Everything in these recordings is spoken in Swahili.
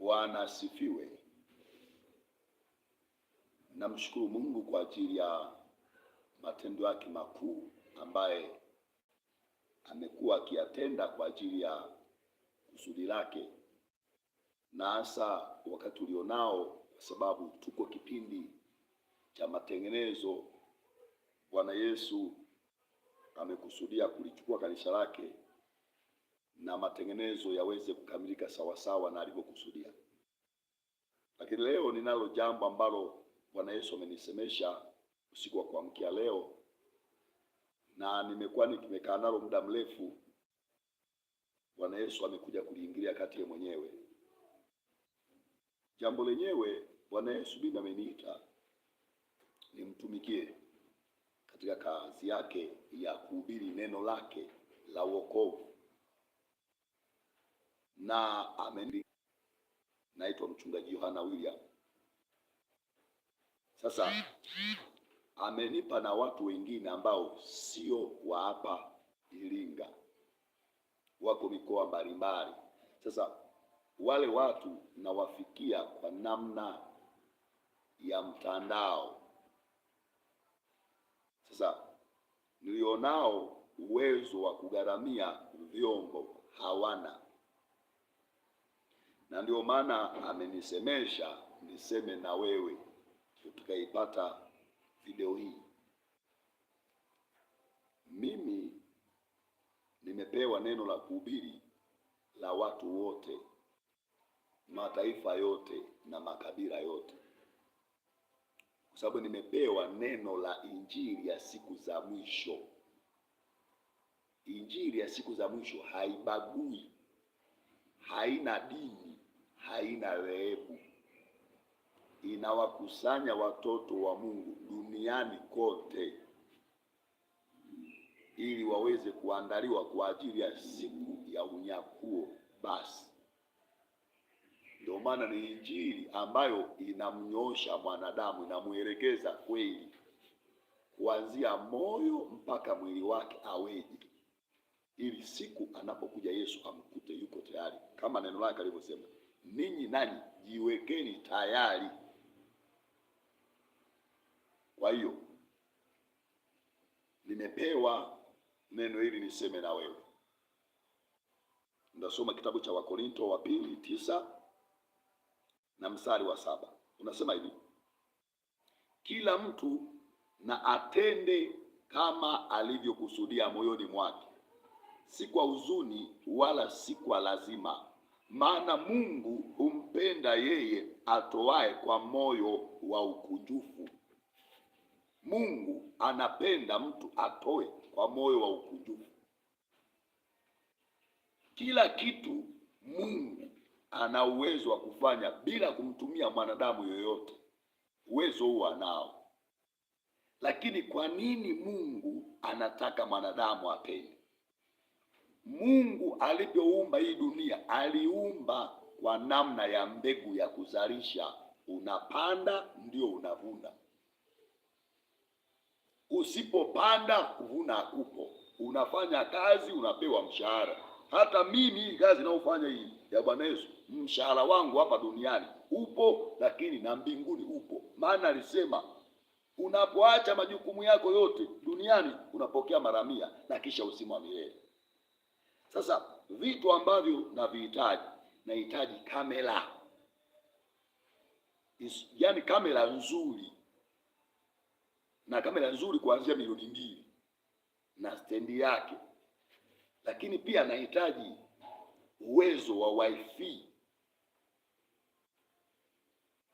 Bwana asifiwe. Namshukuru Mungu kwa ajili ya matendo yake makuu ambaye amekuwa akiyatenda kwa ajili ya kusudi lake, na hasa wakati ulionao, kwa sababu tuko kipindi cha matengenezo. Bwana Yesu amekusudia kulichukua kanisa lake na matengenezo yaweze kukamilika sawasawa na alivyokusudia. Lakini leo ninalo jambo ambalo Bwana Yesu amenisemesha usiku wa kuamkia leo, na nimekuwa nimekaa nalo muda mrefu. Bwana Yesu amekuja kuliingilia kati ya mwenyewe jambo lenyewe. Bwana Yesu mimi ameniita nimtumikie katika kazi yake ya kuhubiri neno lake la wokovu na amendi. Naitwa mchungaji Yohana William. Sasa amenipa na watu wengine ambao sio wa hapa Iringa, wako mikoa mbalimbali. Sasa wale watu nawafikia kwa namna ya mtandao. Sasa nilionao uwezo wa kugharamia vyombo hawana na ndio maana amenisemesha niseme na wewe utakaipata video hii. Mimi nimepewa neno la kuhubiri la watu wote, mataifa yote na makabila yote, kwa sababu nimepewa neno la injili ya siku za mwisho. Injili ya siku za mwisho haibagui, haina dini haina rehemu, inawakusanya watoto wa Mungu duniani kote ili waweze kuandaliwa kwa ajili ya siku ya unyakuo. Basi ndio maana ni injili ambayo inamnyosha mwanadamu, inamwelekeza kweli kuanzia moyo mpaka mwili wake aweje, ili siku anapokuja Yesu amkute yuko tayari, kama neno lake alivyosema ninyi nani, jiwekeni tayari. Kwa hiyo nimepewa neno hili niseme na wewe. Ndasoma kitabu cha Wakorinto wa pili tisa na mstari wa saba unasema hivi, kila mtu na atende kama alivyokusudia moyoni mwake, si kwa huzuni wala si kwa lazima maana Mungu humpenda yeye atoaye kwa moyo wa ukujufu. Mungu anapenda mtu atoe kwa moyo wa ukujufu. Kila kitu Mungu ana uwezo wa kufanya bila kumtumia mwanadamu yoyote, uwezo huo anao. Lakini kwa nini Mungu anataka mwanadamu apende? Mungu alivyoumba hii dunia aliumba kwa namna ya mbegu ya kuzalisha. Unapanda ndio unavuna, usipopanda kuvuna hakupo. Unafanya kazi unapewa mshahara. Hata mimi hii kazi inayofanya hii ya Bwana Yesu, mshahara wangu hapa duniani upo, lakini na mbinguni upo, maana alisema unapoacha majukumu yako yote duniani unapokea mara mia na kisha uzima wa milele. Sasa vitu ambavyo navihitaji, nahitaji kamera, yani kamera nzuri, na kamera nzuri kuanzia milioni mbili na stendi yake, lakini pia nahitaji uwezo wa wifi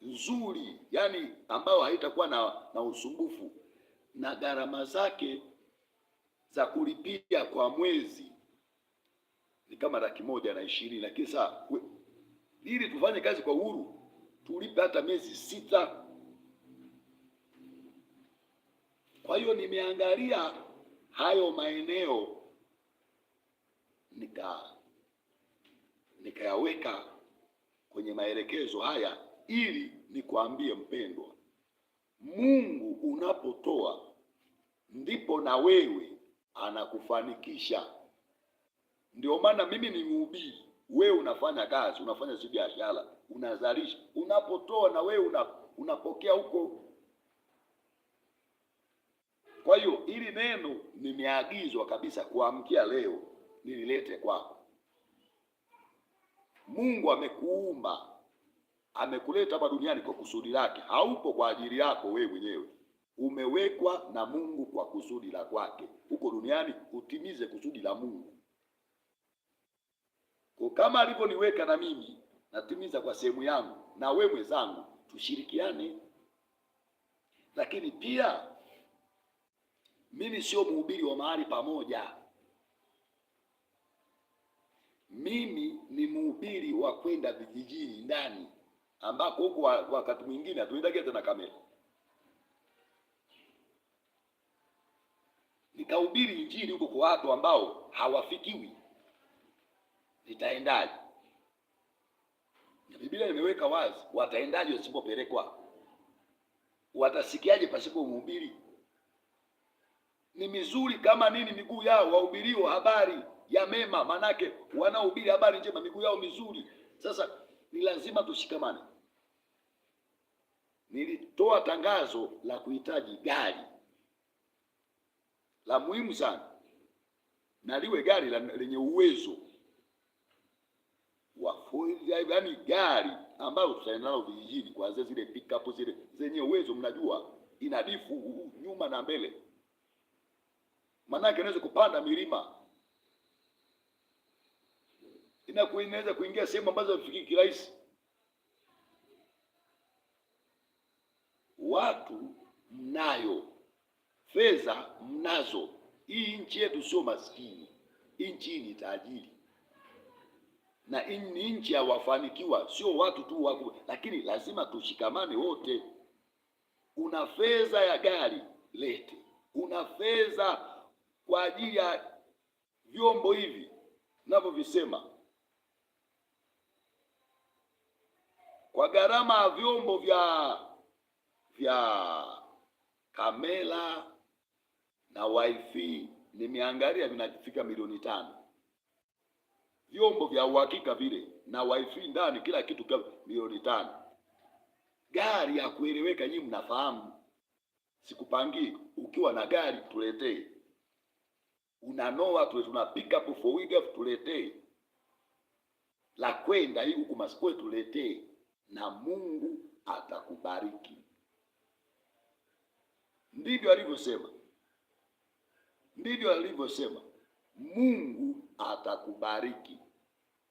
nzuri, yani ambayo haitakuwa na, na usumbufu na gharama zake za kulipia kwa mwezi ni kama laki moja na ishirini, lakini saa ili tufanye kazi kwa uhuru tulipe hata miezi sita. Kwa hiyo nimeangalia hayo maeneo nika nikayaweka kwenye maelekezo haya ili nikuambie mpendwa, Mungu unapotoa ndipo na wewe anakufanikisha. Ndio maana mimi ni mhubiri, wewe unafanya kazi, unafanya si biashara, unazalisha. Unapotoa na wewe una, unapokea huko. Kwa hiyo ili neno nimeagizwa kabisa kuamkia leo nililete kwako. Mungu amekuumba amekuleta hapa duniani kwa kusudi lake. Haupo kwa ajili yako wewe mwenyewe, umewekwa na Mungu kwa kusudi la kwake, huko duniani utimize kusudi la Mungu. Kwa kama alivyoniweka na mimi natimiza kwa sehemu yangu, na we mwenzangu tushirikiane. Lakini pia mimi sio mhubiri wa mahali pamoja, mimi ni mhubiri wa kwenda vijijini ndani, ambako huko wakati mwingine hatuendagia tena kamera, nikahubiri injili huko kwa watu ambao hawafikiwi litaendaje? Na Biblia imeweka wazi, wataendaje wasipopelekwa? Watasikiaje pasipo mhubiri? Ni mizuri kama nini miguu yao wahubiriwa habari ya mema, manake wanaohubiri habari njema miguu yao mizuri. Sasa ni lazima tushikamane. Nilitoa tangazo la kuhitaji gari la muhimu sana, na liwe gari lenye uwezo yaani gari ambayo tutaenda nalo vijijini, kwanza zile up zile zenye uwezo, mnajua inadifu nyuma na mbele, maanake inaweza kupanda milima, inaweza kuingia sehemu ambazo hazifiki kirahisi. Watu mnayo, fedha mnazo. Hii nchi yetu sio maskini, nchi hii ni tajiri na ni nchi ya wafanikiwa, sio watu tu wako, lakini lazima tushikamane wote. Una fedha ya gari lete, una fedha kwa ajili ya vyombo hivi ninavyovisema, kwa gharama ya vyombo vya vya kamera na wifi, nimeangalia vinafika milioni tano vyombo vya uhakika vile na wifi ndani, kila kitu milioni tano. Gari ya kueleweka, nyinyi mnafahamu, sikupangii. Ukiwa na gari tuletee, unanoa tu tuna pick up for wiga tuletee, la kwenda hii huku masikwe tuletee, na Mungu atakubariki. Ndivyo alivyosema, ndivyo alivyosema Mungu atakubariki,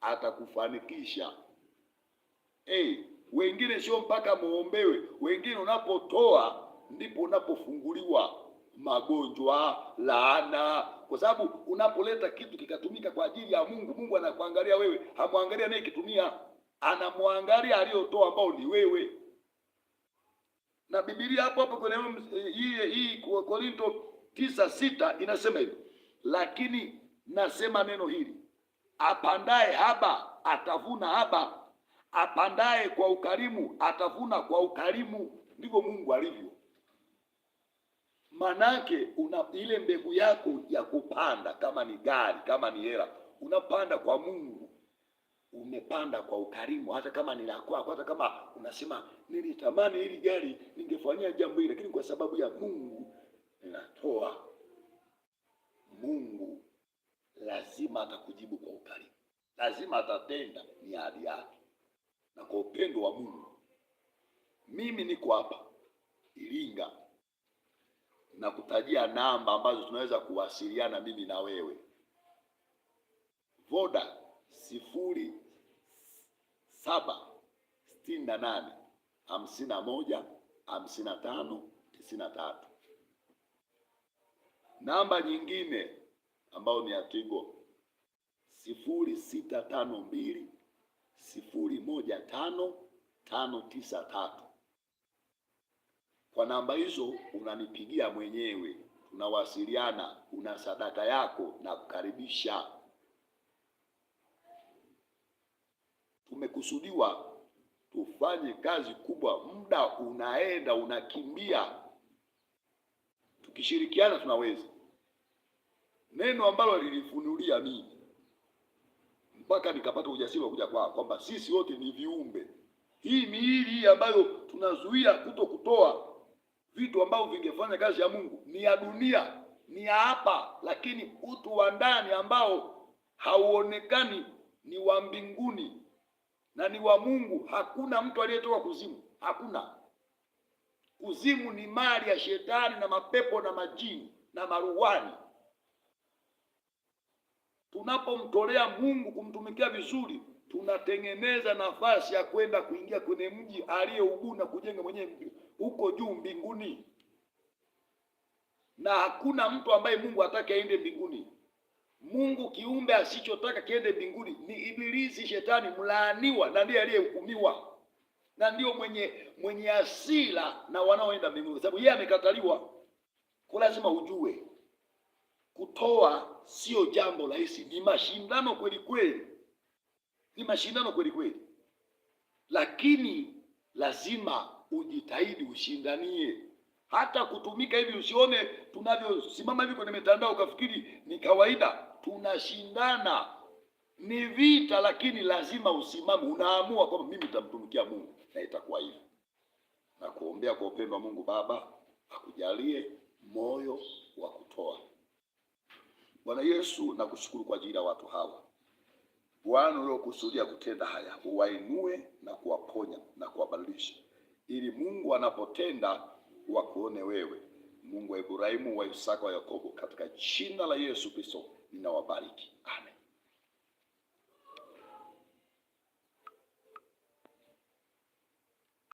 atakufanikisha. Hey, wengine sio mpaka muombewe, wengine unapotoa ndipo unapofunguliwa magonjwa, laana, kwa sababu unapoleta kitu kikatumika kwa ajili ya Mungu, Mungu anakuangalia wewe, hamwangalia naye kitumia, anamwangalia aliyotoa ambao ni wewe. Na Biblia hapo hapo kwenye eh, hii hii Korinto tisa sita inasema hivi, lakini nasema neno hili, apandaye haba atavuna haba, apandaye kwa ukarimu atavuna kwa ukarimu. Ndivyo Mungu alivyo. Manake una ile mbegu yako ya kupanda, kama ni gari, kama ni hela, unapanda kwa Mungu, umepanda kwa ukarimu, hata kama ni la kwako, hata kama unasema nilitamani hili gari ningefanyia jambo hili, lakini kwa sababu ya Mungu ninatoa. Mungu lazima atakujibu kwa ukarimu, lazima atatenda miadi yake na kwa upendo wa Mungu. Mimi niko hapa Iringa na kutajia namba ambazo tunaweza kuwasiliana mimi na wewe. Voda sifuri saba sitini na nane hamsini na moja hamsini na tano tisini na tatu. Namba nyingine ambao ni Atigo sifuri sita tano mbili sifuri moja tano tano tisa tatu. Kwa namba hizo unanipigia mwenyewe, tunawasiliana, una sadaka yako na kukaribisha. Tumekusudiwa tufanye kazi kubwa, muda unaenda unakimbia, tukishirikiana tunaweza neno ambalo lilifunulia mimi mpaka nikapata ujasiri wa kuja kwao, kwamba sisi wote ni viumbe. Hii miili hii ambayo tunazuia kuto kutoa vitu ambavyo vingefanya kazi ya Mungu ni ya dunia, ni ya hapa, lakini utu wa ndani ambao hauonekani ni wa mbinguni na ni wa Mungu. Hakuna mtu aliyetoka kuzimu, hakuna. Kuzimu ni mali ya Shetani na mapepo na majini na maruwani Tunapomtolea Mungu kumtumikia vizuri, tunatengeneza nafasi ya kwenda kuingia kwenye mji aliyeubuna kujenga mwenyewe mji huko juu mbinguni, na hakuna mtu ambaye Mungu hataki aende mbinguni. Mungu kiumbe asichotaka kiende mbinguni ni Ibilisi, shetani mlaaniwa, na ndiye aliyehukumiwa, na ndiyo mwenye mwenye asila na wanaoenda mbinguni, kwa sababu yeye amekataliwa. Kwa lazima ujue kutoa sio jambo rahisi, ni mashindano kweli kweli, ni mashindano kweli kweli, lakini lazima ujitahidi ushindanie. Hata kutumika hivi, usione tunavyosimama hivi kwenye mitandao ukafikiri ni kawaida. Tunashindana, ni vita, lakini lazima usimame, unaamua kwamba mimi nitamtumikia Mungu na itakuwa hivi. Na kuombea kwa upendo wa Mungu Baba akujalie moyo wa kutoa. Bwana Yesu, nakushukuru kwa ajili ya watu hawa Bwana uliokusudia kutenda haya, uwainue na kuwaponya na kuwabadilisha, ili Mungu anapotenda wakuone wewe, Mungu wa Ibrahimu, wa Isaka, wa Yakobo. Katika jina la Yesu Kristo ninawabariki, amen.